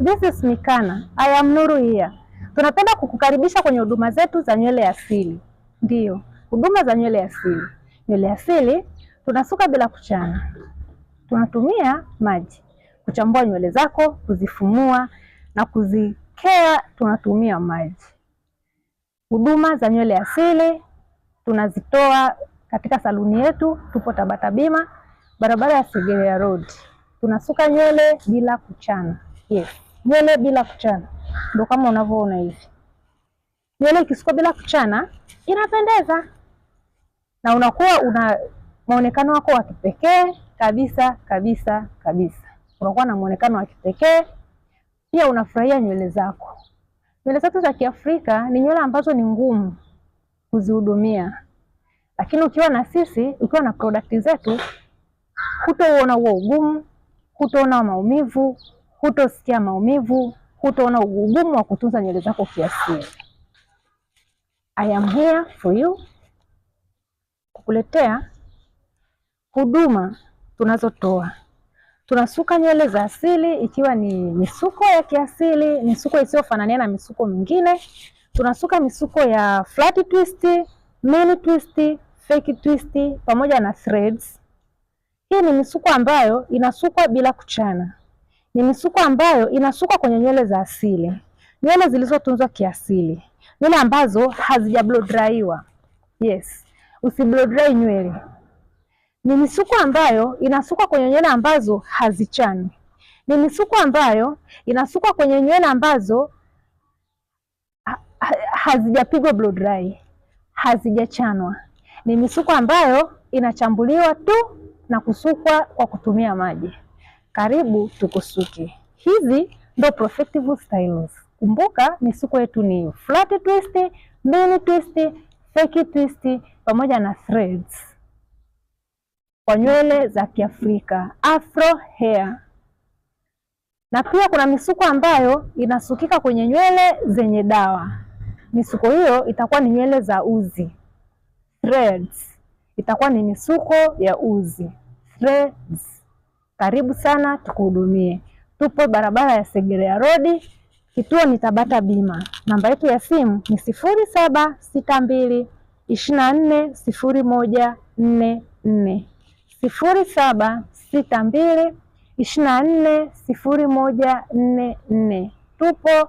This is Mikana. I am Nuru here. Tunapenda kukukaribisha kwenye huduma zetu za nywele asili. Ndiyo, huduma za nywele asili. Nywele asili tunasuka bila kuchana, tunatumia maji kuchambua nywele zako, kuzifumua na kuzikea, tunatumia maji. Huduma za nywele asili tunazitoa katika saluni yetu, tupo Tabata Bima, barabara ya Segerea Road. Tunasuka nywele bila kuchana. Yes nywele bila kuchana, ndio kama unavyoona hivi. Nywele ikisukwa bila kuchana inapendeza na unakuwa una muonekano wako wa kipekee kabisa kabisa kabisa, unakuwa na muonekano wa kipekee pia, unafurahia nywele zako. Nywele zetu za Kiafrika ni nywele ambazo ni ngumu kuzihudumia, lakini ukiwa na sisi, ukiwa na product zetu, hutouona huo ugumu, hutoona maumivu hutosikia maumivu, hutoona ugumu wa kutunza nywele zako kiasili. I am here for you kukuletea huduma tunazotoa. Tunasuka nywele za asili, ikiwa ni misuko ya kiasili, misuko isiyofanania na misuko mingine. Tunasuka misuko ya flat twist, mini twist, fake twist pamoja na threads. Hii ni misuko ambayo inasukwa bila kuchana ni misuko ambayo inasukwa kwenye nywele za asili, nywele zilizotunzwa kiasili, nywele ambazo dryiwa. Yes, dry nywele. Ni misuko ambayo inasukwa kwenye nywele ambazo hazichani Ni misuko ambayo inasukwa kwenye nywele ambazo ha ha hazijapigwa dry, hazijachanwa. Ni misuko ambayo inachambuliwa tu na kusukwa kwa kutumia maji. Karibu tukusuke. Hizi ndo protective styles. Kumbuka misuko yetu ni flat twist, mini twist, fake twist pamoja na threads. Kwa nywele za Kiafrika afro hair, na pia kuna misuko ambayo inasukika kwenye nywele zenye dawa. Misuko hiyo itakuwa ni nywele za uzi threads, itakuwa ni misuko ya uzi threads. Karibu sana tukuhudumie. Tupo barabara ya Segerea Road, kituo ni Tabata Bima. Namba yetu ya simu ni sifuri saba sita mbili ishirini na nne sifuri moja nne nne sifuri saba sita mbili ishirini na nne sifuri moja nne nne tupo